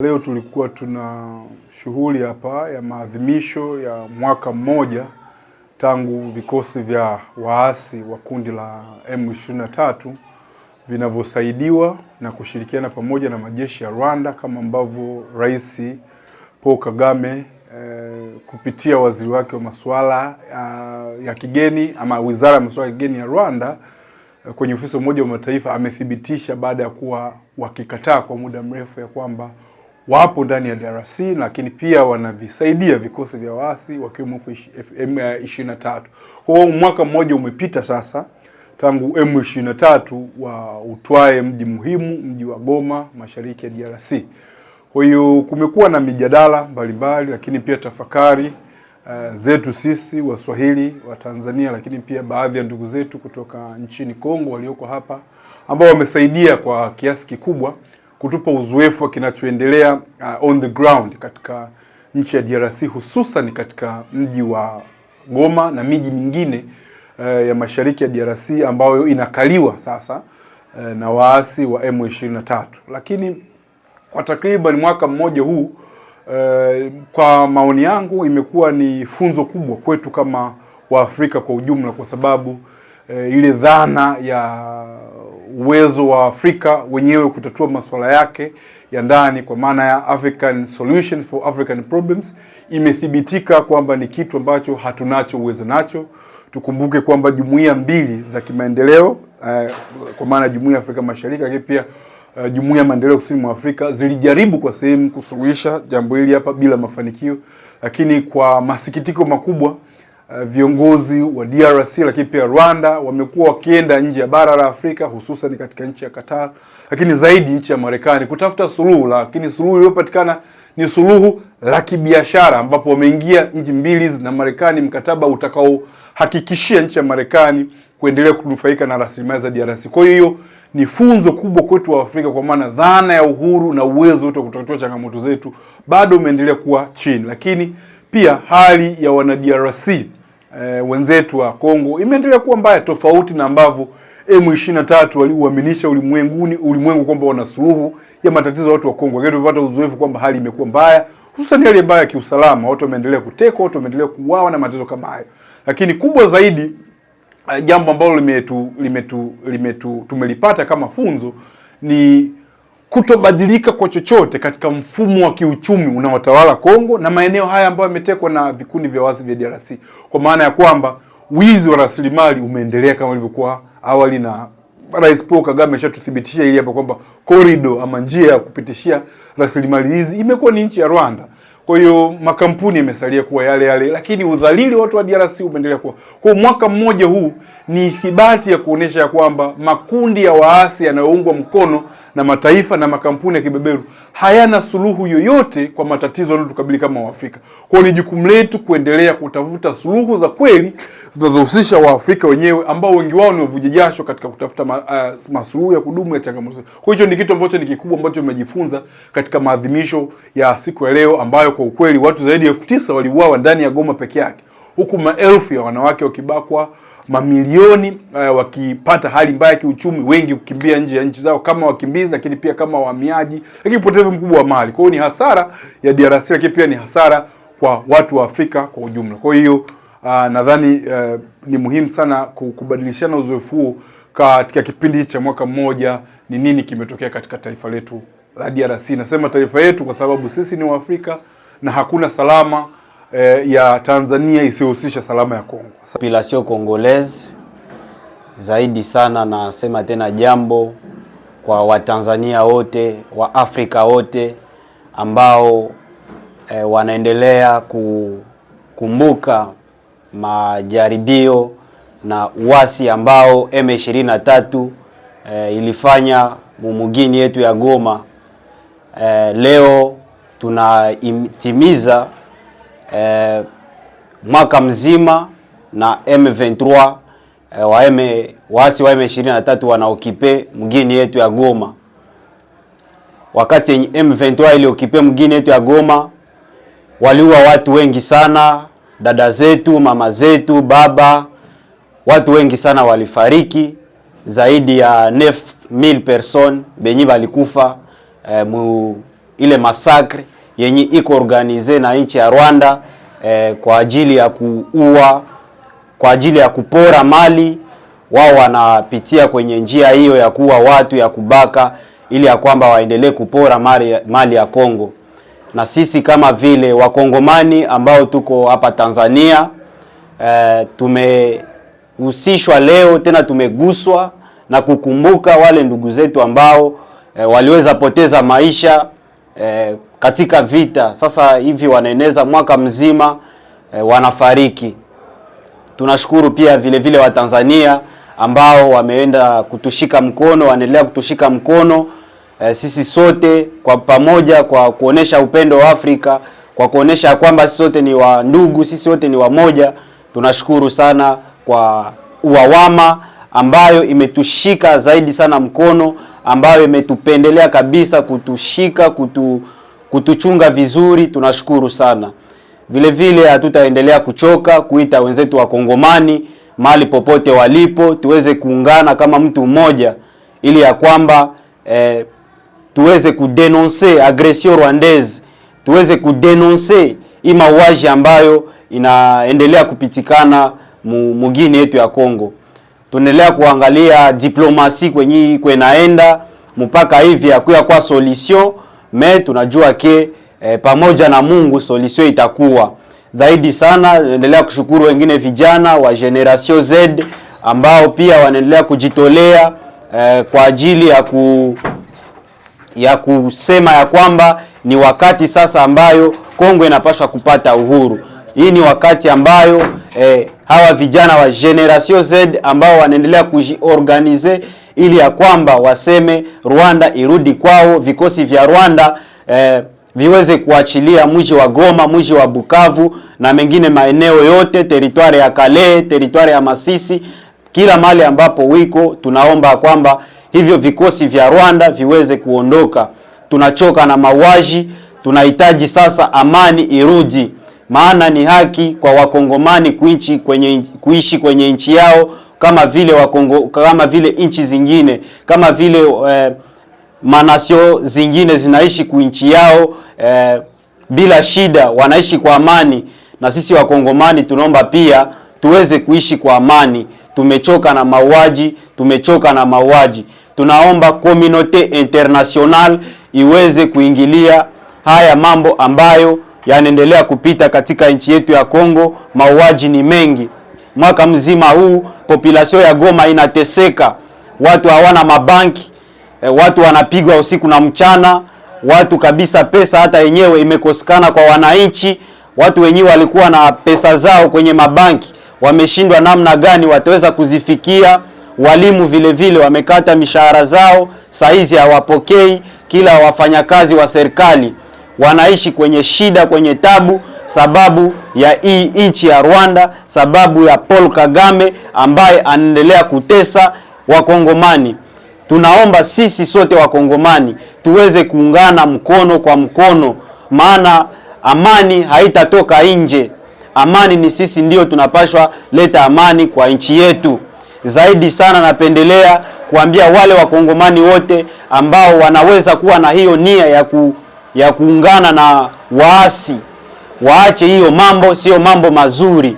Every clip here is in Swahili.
Leo tulikuwa tuna shughuli hapa ya maadhimisho ya mwaka mmoja tangu vikosi vya waasi wa kundi la M23 vinavyosaidiwa na kushirikiana pamoja na majeshi ya Rwanda kama ambavyo Rais Paul Kagame eh, kupitia waziri wake wa masuala ya, eh, ya kigeni ama wizara ya masuala ya kigeni ya Rwanda eh, kwenye ofisi ya Umoja wa Mataifa amethibitisha baada ya kuwa wakikataa kwa muda mrefu ya kwamba wapo ndani ya DRC, lakini pia wanavisaidia vikosi vya waasi wakiwemo M23. Kwa mwaka mmoja umepita sasa tangu M23 wa utwae mji muhimu, mji wa Goma, mashariki ya DRC. Kwa hiyo kumekuwa na mijadala mbalimbali, lakini pia tafakari uh, zetu sisi Waswahili wa Tanzania, lakini pia baadhi ya ndugu zetu kutoka nchini Kongo walioko hapa ambao wamesaidia kwa kiasi kikubwa kutupa uzoefu wa kinachoendelea uh, on the ground katika nchi ya DRC hususan katika mji wa Goma na miji mingine uh, ya mashariki ya DRC ambayo inakaliwa sasa uh, na waasi wa M23. Lakini kwa takriban mwaka mmoja huu uh, kwa maoni yangu imekuwa ni funzo kubwa kwetu kama Waafrika kwa ujumla kwa sababu uh, ile dhana ya uwezo wa Afrika wenyewe kutatua masuala yake ya ndani kwa maana ya African solutions for African Problems imethibitika kwamba ni kitu ambacho hatunacho uwezo nacho. Tukumbuke kwamba jumuiya mbili za kimaendeleo eh, kwa maana ya Jumuiya ya Afrika Mashariki lakini pia eh, Jumuiya ya Maendeleo Kusini mwa Afrika zilijaribu kwa sehemu kusuluhisha jambo hili hapa bila mafanikio, lakini kwa masikitiko makubwa uh, viongozi wa DRC lakini pia Rwanda wamekuwa wakienda nje ya bara la Afrika hususan katika nchi ya Qatar, lakini zaidi nchi ya Marekani kutafuta suluhu, lakini suluhu iliyopatikana ni suluhu la kibiashara, ambapo wameingia nchi mbili na Marekani mkataba utakaohakikishia nchi ya Marekani kuendelea kunufaika na rasilimali za DRC. Kwa hiyo ni funzo kubwa kwetu wa Afrika kwa maana dhana ya uhuru na uwezo wetu wa kutatua changamoto zetu bado umeendelea kuwa chini, lakini pia hali ya wana DRC e, wenzetu wa Kongo imeendelea kuwa mbaya, tofauti na ambavyo M23 waliuaminisha ulimwenguni ulimwengu kwamba wana suluhu ya matatizo ya watu wa Kongo, lakini tumepata uzoefu kwamba hali imekuwa mbaya, hususan hali mbaya ya kiusalama. Watu wameendelea kutekwa, watu wameendelea kuuawa na matatizo kama hayo. Lakini kubwa zaidi, eh, jambo ambalo limetu limetu limetu tumelipata kama funzo ni kutobadilika kwa chochote katika mfumo wa kiuchumi unaotawala Kongo na maeneo haya ambayo yametekwa na vikundi vya wazi vya DRC, kwa maana ya kwamba wizi wa rasilimali umeendelea kama ilivyokuwa awali, na Rais Paul Kagame ameshatuthibitisha hili hapa kwamba korido ama njia ya kupitishia rasilimali hizi imekuwa ni nchi ya Rwanda. Kwa hiyo makampuni yamesalia kuwa yale yale, lakini udhalili watu wa DRC umeendelea kuwa. Kwa mwaka mmoja huu ni ithibati ya kuonesha ya kwamba makundi ya waasi yanayoungwa mkono na mataifa na makampuni ya kibeberu hayana suluhu yoyote kwa matatizo yanayotukabili kama Waafrika. Kwa hiyo ni jukumu letu kuendelea kutafuta suluhu za kweli zinazohusisha Waafrika wenyewe ambao wengi wao ni wavuja jasho katika kutafuta ma, uh, masuluhu ya kudumu ya changamoto. Kwa hicho ni kitu ambacho ni kikubwa ambacho tumejifunza katika maadhimisho ya siku ya leo, ambayo kwa ukweli watu zaidi ya elfu tisa waliuawa ndani ya Goma peke yake, huku maelfu ya wanawake wakibakwa mamilioni uh, wakipata hali mbaya kiuchumi, wengi kukimbia nje ya nchi zao kama wakimbizi, lakini pia kama wahamiaji, lakini upotevu mkubwa wa mali. Kwa hiyo ni hasara ya DRC, lakini pia ni hasara kwa watu wa Afrika kwa ujumla. Kwa hiyo uh, nadhani uh, ni muhimu sana kubadilishana uzoefu huo katika kipindi cha mwaka mmoja, ni nini kimetokea katika taifa letu la DRC. Nasema taifa yetu kwa sababu sisi ni Waafrika na hakuna salama eh, ya Tanzania isiyohusisha salama ya Kongo. sio kongolezi zaidi sana, nasema tena jambo kwa Watanzania wote wa Afrika wote ambao eh, wanaendelea kukumbuka majaribio na uasi ambao M23 eh, ilifanya mumugini yetu ya Goma. Eh, leo tunaitimiza eh, mwaka mzima na M23 eh, wa M, waasi wa M23 wanaokipe mgini yetu ya Goma. Wakati M23 iliokipe mgini yetu ya Goma, waliua watu wengi sana, dada zetu, mama zetu, baba, watu wengi sana walifariki, zaidi ya 9000 person benyi balikufa eh, mu ile masakre yenye iko organize na nchi ya Rwanda eh, kwa ajili ya kuua, kwa ajili ya kupora mali. Wao wanapitia kwenye njia hiyo ya kuua watu, ya kubaka, ili ya kwamba waendelee kupora mali, mali ya Kongo. Na sisi kama vile wakongomani ambao tuko hapa Tanzania eh, tumehusishwa leo tena tumeguswa na kukumbuka wale ndugu zetu ambao e, waliweza poteza maisha e, katika vita sasa hivi wanaeneza mwaka mzima e, wanafariki. Tunashukuru pia vile vile Watanzania ambao wameenda kutushika mkono, wanaendelea kutushika mkono e, sisi sote kwa pamoja, kwa kuonesha upendo wa Afrika, kwa kuonesha kwamba sisi sote ni wa ndugu, sisi sote ni wamoja. Tunashukuru sana kwa uawama ambayo imetushika zaidi sana mkono ambayo imetupendelea kabisa kutushika kutu, kutuchunga vizuri. Tunashukuru sana. Vile vile hatutaendelea kuchoka kuita wenzetu wakongomani mali popote walipo, tuweze kuungana kama mtu mmoja, ili ya kwamba eh, tuweze kudenonse agression rwandaise, tuweze kudenonse hii mauaji ambayo inaendelea kupitikana mugini yetu ya Kongo tunaendelea kuangalia diplomasi kwenye kwenaenda mpaka hivi akuya kwa solution me tunajua ke e, pamoja na Mungu solution itakuwa zaidi sana. naendelea kushukuru wengine vijana wa generation Z ambao pia wanaendelea kujitolea e, kwa ajili ya ku ya kusema ya kwamba ni wakati sasa ambayo Kongo inapaswa kupata uhuru. Hii ni wakati ambayo eh, hawa vijana wa generation Z ambao wanaendelea kujiorganize ili ya kwamba waseme Rwanda irudi kwao, vikosi vya Rwanda eh, viweze kuachilia mji wa Goma, mji wa Bukavu na mengine maeneo yote, teritwari ya Kale, teritwari ya Masisi, kila mahali ambapo wiko, tunaomba kwamba hivyo vikosi vya Rwanda viweze kuondoka. Tunachoka na mauaji, tunahitaji sasa amani irudi maana ni haki kwa wakongomani kuishi kwenye, kuishi kwenye nchi yao kama vile wakongo, kama vile nchi zingine kama vile eh, manasio zingine zinaishi kuinchi yao eh, bila shida, wanaishi kwa amani. Na sisi wakongomani tunaomba pia tuweze kuishi kwa amani. Tumechoka na mauaji, tumechoka na mauaji. Tunaomba komunote international iweze kuingilia haya mambo ambayo yanaendelea kupita katika nchi yetu ya Kongo. Mauaji ni mengi, mwaka mzima huu population ya Goma inateseka, watu hawana mabanki eh, watu wanapigwa usiku na mchana, watu kabisa, pesa hata yenyewe imekosekana kwa wananchi. Watu wenyewe walikuwa na pesa zao kwenye mabanki, wameshindwa namna gani wataweza kuzifikia. Walimu vile vile wamekata mishahara zao, saizi hawapokei, kila wafanyakazi wa serikali wanaishi kwenye shida, kwenye tabu, sababu ya hii nchi ya Rwanda, sababu ya Paul Kagame ambaye anaendelea kutesa Wakongomani. Tunaomba sisi sote Wakongomani tuweze kuungana mkono kwa mkono, maana amani haitatoka nje. Amani ni sisi ndio tunapashwa leta amani kwa nchi yetu. Zaidi sana napendelea kuambia wale wakongomani wote ambao wanaweza kuwa na hiyo nia ya ku ya kuungana na waasi, waache hiyo mambo, sio mambo mazuri.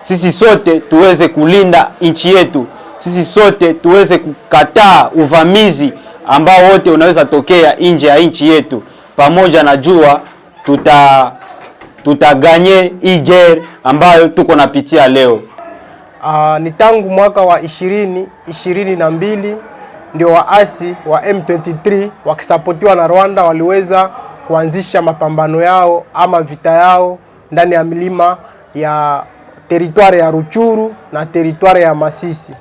Sisi sote tuweze kulinda nchi yetu, sisi sote tuweze kukataa uvamizi ambao wote unaweza tokea nje ya nchi yetu. Pamoja na jua tuta tutaganye iger ambayo tuko napitia leo. Aa, ah, ni tangu mwaka wa ishirini ishirini na mbili ndio waasi wa M23 wakisapotiwa na Rwanda waliweza kuanzisha mapambano yao ama vita yao ndani ya milima ya teritwari ya Ruchuru na teritwari ya Masisi.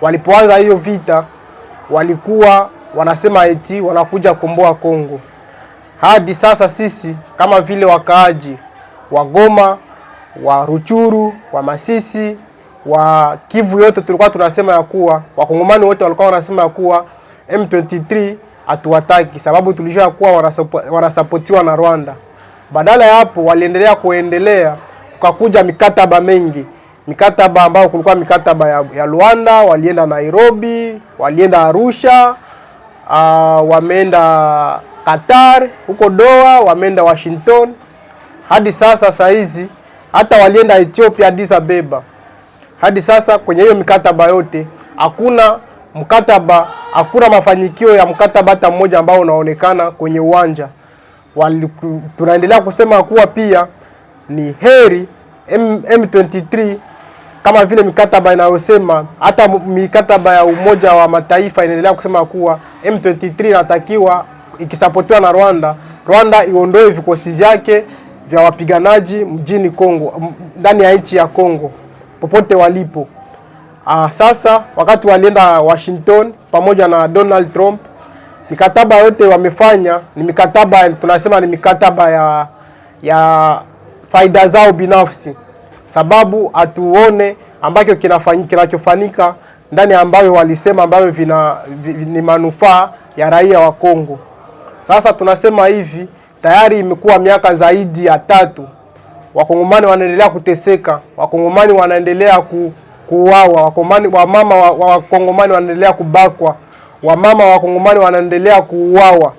Walipoanza hiyo vita, walikuwa wanasema eti wanakuja komboa Kongo. Hadi sasa sisi kama vile wakaaji wa Goma, wa Ruchuru, wa Masisi wa Kivu yote tulikuwa tunasema ya kuwa wakongomani wote walikuwa wanasema ya kuwa M23 hatuwataki, sababu tulijua kuwa wanasapotiwa na Rwanda. Badala ya hapo, waliendelea kuendelea, kukakuja mikataba mengi, mikataba ambayo kulikuwa mikataba ya, ya Rwanda, walienda Nairobi, walienda Arusha, uh, wameenda Qatar, huko Doha, wameenda Washington hadi sasa. Saa hizi hata walienda Ethiopia, Addis Ababa hadi sasa kwenye hiyo mikataba yote hakuna mkataba, hakuna mafanikio ya mkataba hata mmoja ambao unaonekana kwenye uwanja. tunaendelea kusema kuwa pia ni heri M, M23 kama vile mikataba inayosema hata mikataba ya Umoja wa Mataifa inaendelea kusema kuwa M23 inatakiwa ikisapotiwa na Rwanda, Rwanda iondoe vikosi vyake vya wapiganaji mjini Kongo, ndani ya nchi ya Kongo popote walipo. Ah, sasa wakati walienda Washington pamoja na Donald Trump, mikataba yote wamefanya ni mikataba, tunasema ni mikataba ya ya faida zao binafsi, sababu hatuone ambacho kinachofanyika ndani ambayo walisema ambavyo vina ni manufaa ya raia wa Kongo. Sasa tunasema hivi, tayari imekuwa miaka zaidi ya tatu Wakongomani wanaendelea kuteseka, Wakongomani wanaendelea ku, kuuawa, Wakongomani wamama wa, Wakongomani wanaendelea kubakwa, wamama wa Wakongomani wanaendelea kuuawa.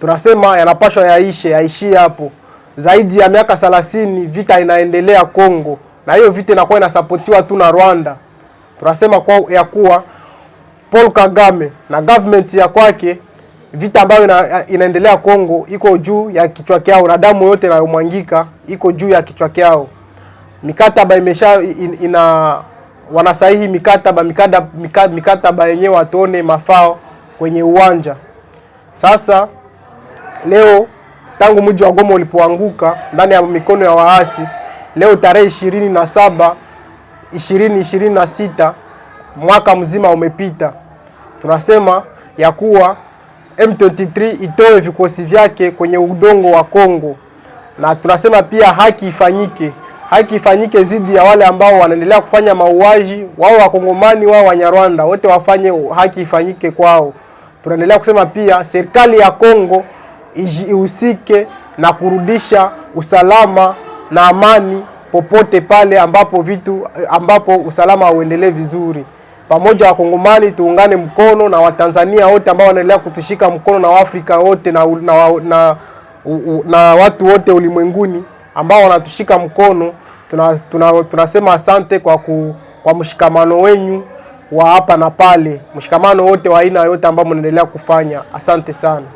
Tunasema yanapashwa yaishe, yaishie hapo. Zaidi ya miaka thelathini vita inaendelea Kongo, na hiyo vita inakuwa inasapotiwa tu na Rwanda. Tunasema kwa ya kuwa Paul Kagame na government ya kwake vita ambayo ina, inaendelea Kongo iko juu ya kichwa kyao na damu yote inayomwangika iko juu ya kichwa kyao. Mikataba imesha in, ina wanasahihi mikataba mikataba mikataba, mikataba yenyewe watuone mafao kwenye uwanja sasa. Leo tangu mji wa Goma ulipoanguka ndani ya mikono ya waasi, leo tarehe ishirini na saba ishirini ishirini na sita mwaka mzima umepita, tunasema ya kuwa M23 itoe vikosi vyake kwenye udongo wa Kongo, na tunasema pia haki ifanyike, haki ifanyike dhidi ya wale ambao wanaendelea kufanya mauaji, wao Wakongomani, wao Wanyarwanda wote wafanye haki ifanyike kwao. Tunaendelea kusema pia serikali ya Kongo ihusike na kurudisha usalama na amani popote pale ambapo vitu ambapo usalama hauendelee vizuri pamoja wakongomani tuungane mkono na watanzania wote ambao wanaendelea kutushika mkono na waafrika wote na, na, na, na watu wote ulimwenguni ambao wanatushika mkono. Tunasema tuna, tuna asante kwa, ku, kwa mshikamano wenyu wa hapa na pale, mshikamano wote wa aina yote ambao mnaendelea kufanya. Asante sana.